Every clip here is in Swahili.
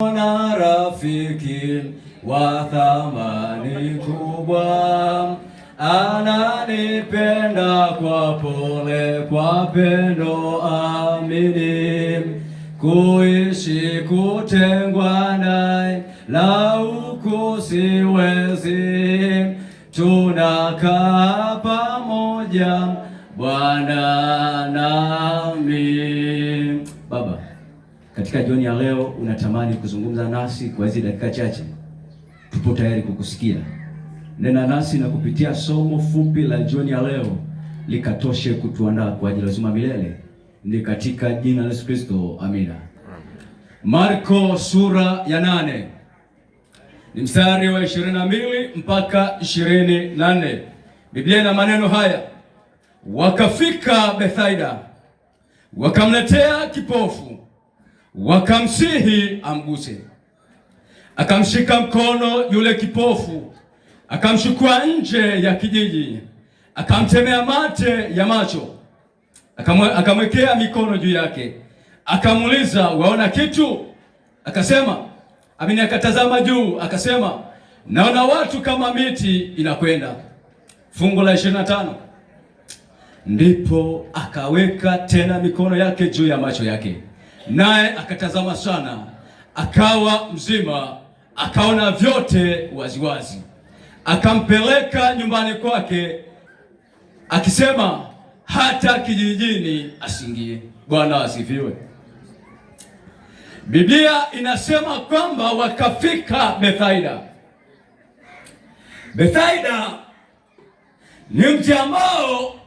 Ona rafiki wa thamani kubwa, ananipenda kwa pole, kwa pendo amini. Kuishi kutengwa naye, lauku siwezi. Tunakaa pamoja Bwana nami katika jioni ya leo unatamani kuzungumza nasi kwa hizi dakika chache, tupo tayari kukusikia. Nena nasi na kupitia somo fupi la jioni ya leo likatoshe kutuandaa kwa ajili ya uzima milele, ni katika jina la Yesu Kristo, amina. Marko sura ya nane ni mstari wa 22 mpaka nne Biblia ina maneno haya: wakafika Bethsaida, wakamletea kipofu wakamsihi amguse. Akamshika mkono yule kipofu, akamchukua nje ya kijiji, akamtemea mate ya macho, akamwekea mikono juu yake, akamuuliza waona kitu? Akasema amini. Akatazama juu, akasema naona watu kama miti inakwenda. Fungu la 25. Ndipo akaweka tena mikono yake juu ya macho yake naye akatazama sana, akawa mzima, akaona vyote waziwazi. Akampeleka nyumbani kwake akisema hata kijijini asingie. Bwana asifiwe. Biblia inasema kwamba wakafika Bethaida. bethaida ni mji ambao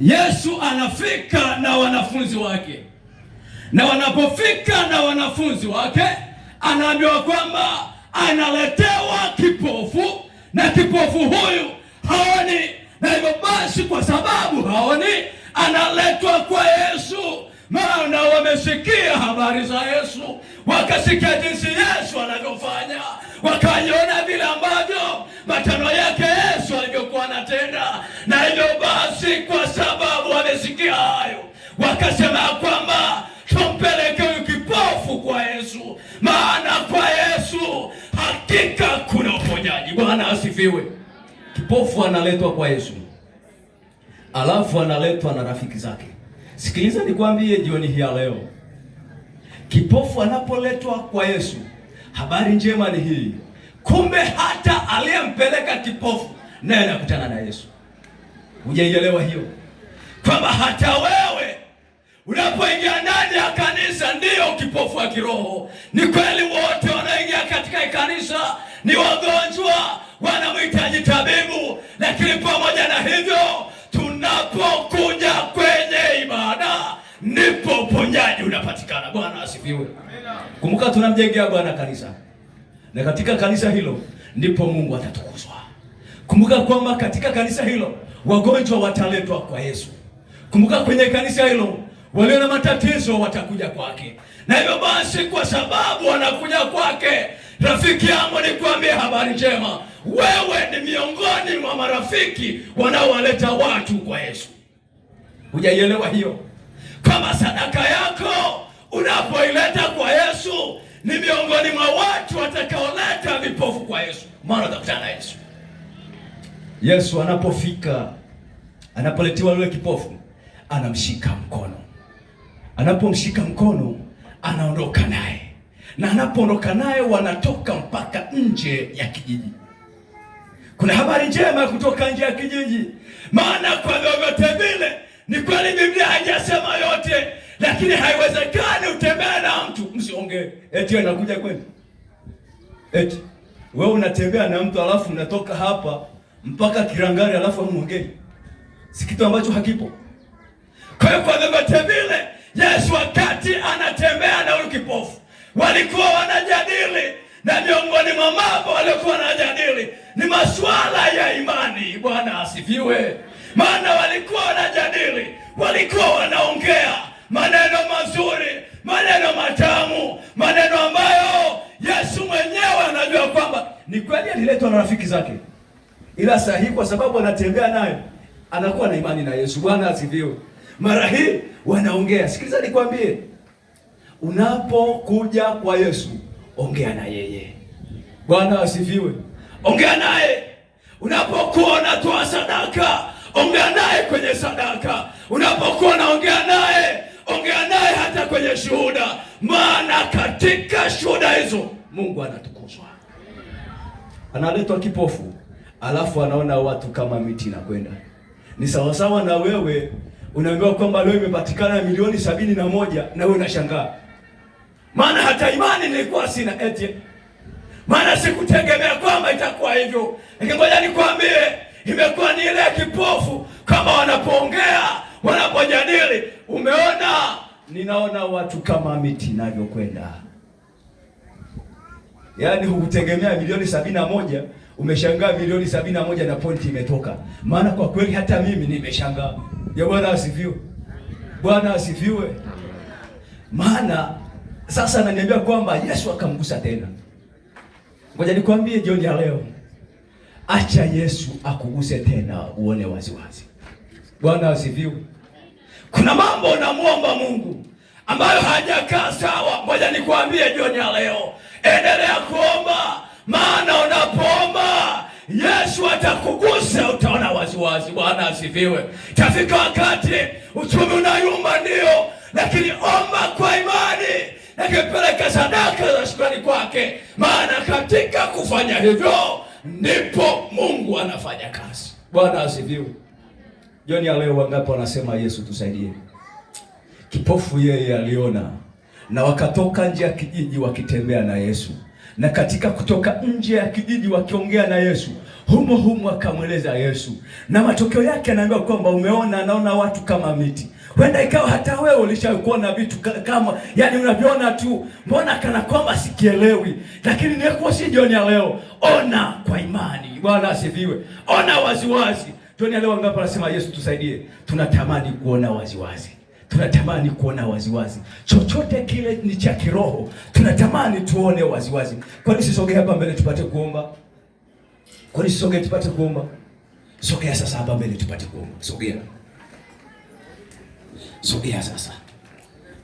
Yesu anafika na wanafunzi wake, na wanapofika na wanafunzi wake, anaambiwa kwamba analetewa kipofu, na kipofu huyu haoni, na hivyo basi, kwa sababu haoni, analetwa kwa Yesu. Maana wamesikia habari za Yesu, wakasikia jinsi Yesu anavyofanya, wakaiona vile ambavyo matano yake na hivyo basi, kwa sababu wamesikia hayo, wakasema ya kwamba tumpeleke huyu kipofu kwa Yesu, maana kwa Yesu hakika kuna uponyaji. Bwana asifiwe. Kipofu analetwa kwa Yesu, alafu analetwa na rafiki zake. Sikiliza nikwambie jioni hii ya leo, kipofu anapoletwa kwa Yesu, habari njema ni hii, kumbe hata aliyempeleka kipofu naye anakutana na Yesu. Hujaielewa hiyo, kwamba hata wewe unapoingia ndani ya kanisa ndiyo kipofu wa kiroho. Ni kweli wote wanaoingia katika kanisa ni wagonjwa, wanamhitaji tabibu, lakini pamoja na hivyo, tunapokuja kwenye ibada ndipo uponyaji unapatikana. Bwana asifiwe. Kumbuka, tunamjengea Bwana kanisa na katika kanisa hilo ndipo Mungu atatukuzwa. Kumbuka kwamba katika kanisa hilo wagonjwa wataletwa kwa Yesu. Kumbuka kwenye kanisa hilo walio na matatizo watakuja kwake, na hivyo basi, kwa sababu wanakuja kwake, rafiki yangu, nikwambie habari njema, wewe ni miongoni mwa marafiki wanaowaleta watu kwa Yesu. Hujaielewa hiyo? Kama sadaka yako unapoileta kwa Yesu, ni miongoni mwa watu watakaoleta vipofu kwa Yesu, maana utakutana na Yesu. Yesu anapofika, anapoletewa yule kipofu, anamshika mkono. Anapomshika mkono, anaondoka naye, na anapoondoka naye, wanatoka mpaka nje ya kijiji. Kuna habari njema kutoka nje ya kijiji, maana kwa vyovyote vile ni kweli Biblia haijasema yote, lakini haiwezekani utembee na mtu msiongee. Eti anakuja kwenu, Eti wewe unatembea na mtu alafu unatoka hapa mpaka Kirangari alafu amwongee, si kitu ambacho hakipo. Kwa hiyo kwa vyovyote vile, Yesu wakati anatembea na huyu kipofu walikuwa wanajadili, na miongoni mwa mambo waliokuwa wanajadili ni masuala ya imani. Bwana asifiwe! Maana walikuwa wanajadili, walikuwa wanaongea maneno mazuri, maneno matamu, maneno ambayo Yesu mwenyewe anajua kwamba ni kweli aliletwa na rafiki zake ila sahihi, kwa sababu anatembea nayo, anakuwa na imani na Yesu. Bwana asifiwe. Mara hii wanaongea. Sikiliza nikwambie, unapokuja kwa Yesu ongea na yeye. Bwana asifiwe. Ongea naye unapokuwa unatoa sadaka, ongea naye kwenye sadaka. Unapokuwa unaongea naye, ongea naye hata kwenye shuhuda, maana katika shuhuda hizo Mungu anatukuzwa. Analetwa kipofu alafu anaona watu kama miti inakwenda. Ni sawasawa na wewe unaambiwa kwamba leo imepatikana milioni sabini na moja na wewe unashangaa, maana hata imani nilikuwa sina eti, maana sikutegemea kwamba itakuwa hivyo. Ngoja nikwambie, imekuwa ni ile kipofu, kama wanapoongea wanapojadili, umeona ninaona watu kama miti inavyokwenda. Yaani hukutegemea milioni sabini na moja umeshangaa milioni sabini na moja na pointi imetoka. Maana kwa kweli hata mimi nimeshangaa. Ya Bwana asifiwe. Bwana asifiwe. Maana sasa ananiambia kwamba Yesu akamgusa tena. Ngoja nikwambie jioni ya leo. Acha Yesu akuguse tena uone waziwazi. Bwana asifiwe. Kuna mambo namuomba Mungu ambayo hajakaa sawa. Ngoja nikwambie jioni ya leo endelea kuomba, maana unapoomba Yesu atakugusa, utaona waziwazi. Bwana asifiwe. Tafika wakati uchumi unayumba, ndio, lakini omba kwa imani, nakipeleka sadaka za shukrani kwake, maana katika kufanya hivyo ndipo Mungu anafanya kazi. Bwana asifiwe. Jioni ya leo, wangapi wanasema Yesu tusaidie? Kipofu yeye aliona na wakatoka nje ya kijiji wakitembea na Yesu, na katika kutoka nje ya kijiji wakiongea na Yesu, humo humo akamweleza Yesu, na matokeo yake anaambiwa kwamba umeona, anaona watu kama miti. Huenda ikawa hata wewe ulishawahi vitu kama yani unavyoona tu, mbona kana kwamba sikielewi, lakini nilikuwa si jioni ya leo, ona kwa imani. Bwana asifiwe, ona waziwazi. Jioni ya leo anasema Yesu, tusaidie, tunatamani kuona waziwazi wazi tunatamani kuona waziwazi. Chochote kile ni cha kiroho, tunatamani tuone waziwazi. Kwani sisogee hapa mbele tupate kuomba? Kwani sisogee tupate kuomba? Sogea sasa hapa mbele tupate kuomba. Sogea, sogea sasa,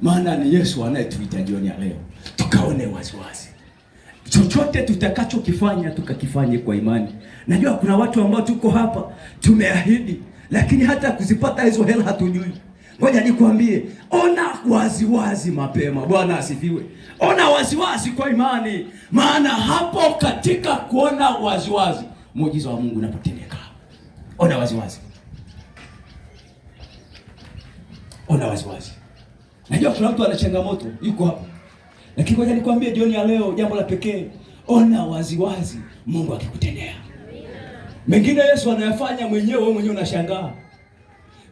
maana ni Yesu anayetuita jioni ya leo tukaone waziwazi chochote tutakachokifanya tukakifanye kwa imani. Najua kuna watu ambao tuko hapa tumeahidi, lakini hata kuzipata hizo hela hatujui. Ngoja nikwambie, ona waziwazi wazi mapema. Bwana asifiwe. Ona waziwazi wazi kwa imani, maana hapo katika kuona waziwazi muujiza wa Mungu unapotendeka. Ona waziwazi wazi. Ona waziwazi wazi. Najua kuna mtu ana changamoto yuko hapo, lakini ngoja nikwambie jioni ya leo jambo la pekee, ona waziwazi wazi Mungu akikutendea. Mengine Yesu anayafanya mwenyewe, wewe mwenyewe unashangaa.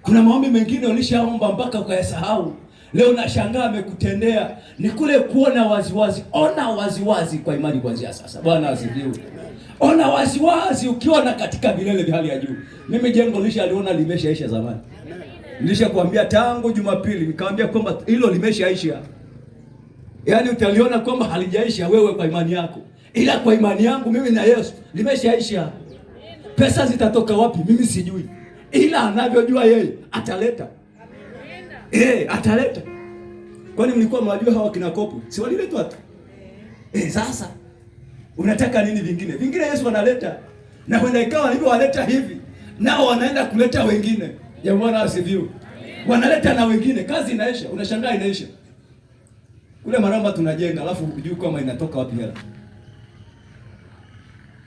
Kuna maombi mengine ulishaomba mpaka ukayasahau. Leo nashangaa amekutendea ni kule kuona waziwazi. Ona waziwazi kwa imani kuanzia sasa. Bwana asifiwe. Ona waziwazi wazi na katika vilele vya hali ya juu. Mimi jengo lishaliona limeshaisha zamani. Nilishakwambia tangu Jumapili, nikamwambia kwamba hilo limeshaisha. Yaani utaliona kwamba halijaisha wewe kwa imani yako, ila kwa imani yangu mimi na Yesu limeshaisha. Pesa zitatoka wapi? Mimi sijui ila anavyojua yeye ataleta. Eh, ataleta. Kwani mlikuwa mwajua hawa kina Kopu? Si waliletwa tu. Eh, sasa unataka nini vingine? Vingine Yesu analeta. Na kwenda, ikawa waleta hivi, nao wanaenda kuleta wengine. Ya Bwana asifiwe. Wanaleta na wengine, kazi inaisha, unashangaa inaisha. Kule maramba tunajenga alafu hujui kama inatoka wapi hela.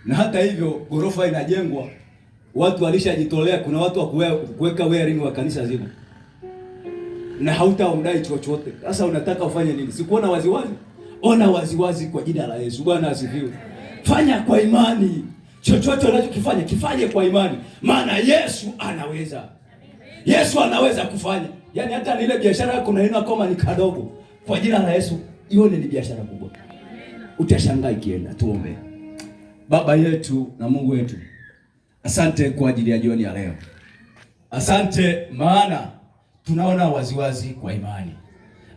Na hata hivyo ghorofa inajengwa watu walishajitolea. Kuna watu wa kuweka wearing wa kanisa zima na hautawamdai chochote. Sasa unataka ufanye nini? Sikuona waziwazi, ona waziwazi kwa jina la Yesu. Bwana asifiwe. Fanya kwa imani, chochote unachokifanya kifanye kwa imani, maana Yesu anaweza. Yesu anaweza kufanya, yaani hata nile biashara yako unaona koma ni kadogo, kwa jina la Yesu ione ni biashara kubwa, utashangaa ikienda. Tuombe. Baba yetu na Mungu wetu Asante kwa ajili ya jioni ya leo. Asante maana tunaona waziwazi kwa imani.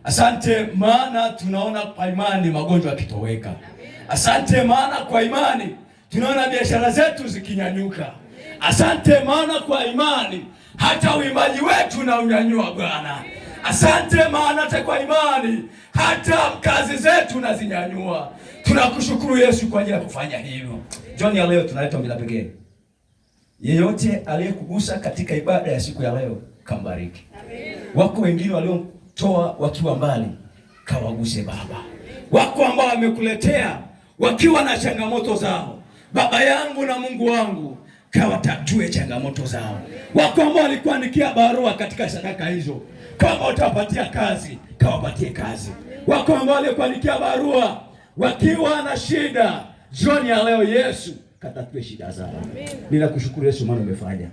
Asante maana tunaona kwa imani magonjwa yakitoweka. Asante maana kwa imani tunaona biashara zetu zikinyanyuka. Asante maana kwa imani hata uimbaji wetu na unyanyua Bwana. Asante maana te kwa imani hata kazi zetu nazinyanyua. Tunakushukuru Yesu kwa ajili ya kufanya hivyo. Jioni ya leo tunaleta ombi la pekee. Yeyote aliyekugusa katika ibada ya siku ya leo kambariki. Amen. Wako wengine waliotoa wakiwa mbali, kawaguse Baba. Wako ambao wamekuletea wakiwa na changamoto zao, Baba yangu na Mungu wangu kawatatue changamoto zao. Wako ambao walikuandikia barua katika sadaka hizo kama utawapatia kazi, kawapatie kazi. Wako ambao walikuandikia barua wakiwa na shida, jioni ya leo Yesu katatue shida zao. Ninakushukuru Yesu, maana umefanya.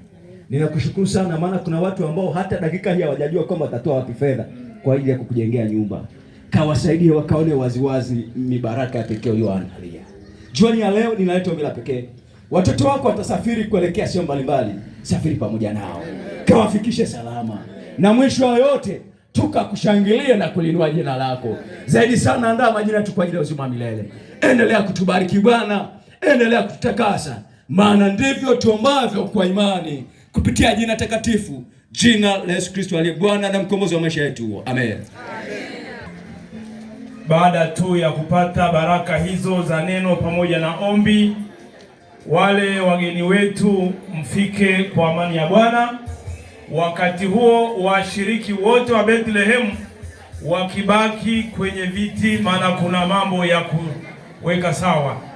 Ninakushukuru sana, maana kuna watu ambao hata dakika hii hawajajua kwamba watatoa wapi fedha kwa ajili ya kukujengea nyumba. Kawasaidie wakaone waziwazi ni baraka ya pekee uliyoandalia. Jioni ya leo ninaleta ombi la pekee. Watoto wako watasafiri kuelekea sehemu mbalimbali, safiri pamoja nao, kawafikishe salama, na mwisho wa yote tukakushangilia na kulinua jina lako zaidi sana. Andaa majina yetu kwa ajili ya uzima milele. Endelea kutubariki Bwana endelea kututakasa, maana ndivyo tuombavyo kwa imani kupitia jina takatifu, jina la Yesu Kristo aliye Bwana na mkombozi wa maisha yetu. Amen, amen. Baada tu ya kupata baraka hizo za neno pamoja na ombi, wale wageni wetu mfike kwa amani ya Bwana. Wakati huo washiriki wote wa Bethlehemu wakibaki kwenye viti, maana kuna mambo ya kuweka sawa.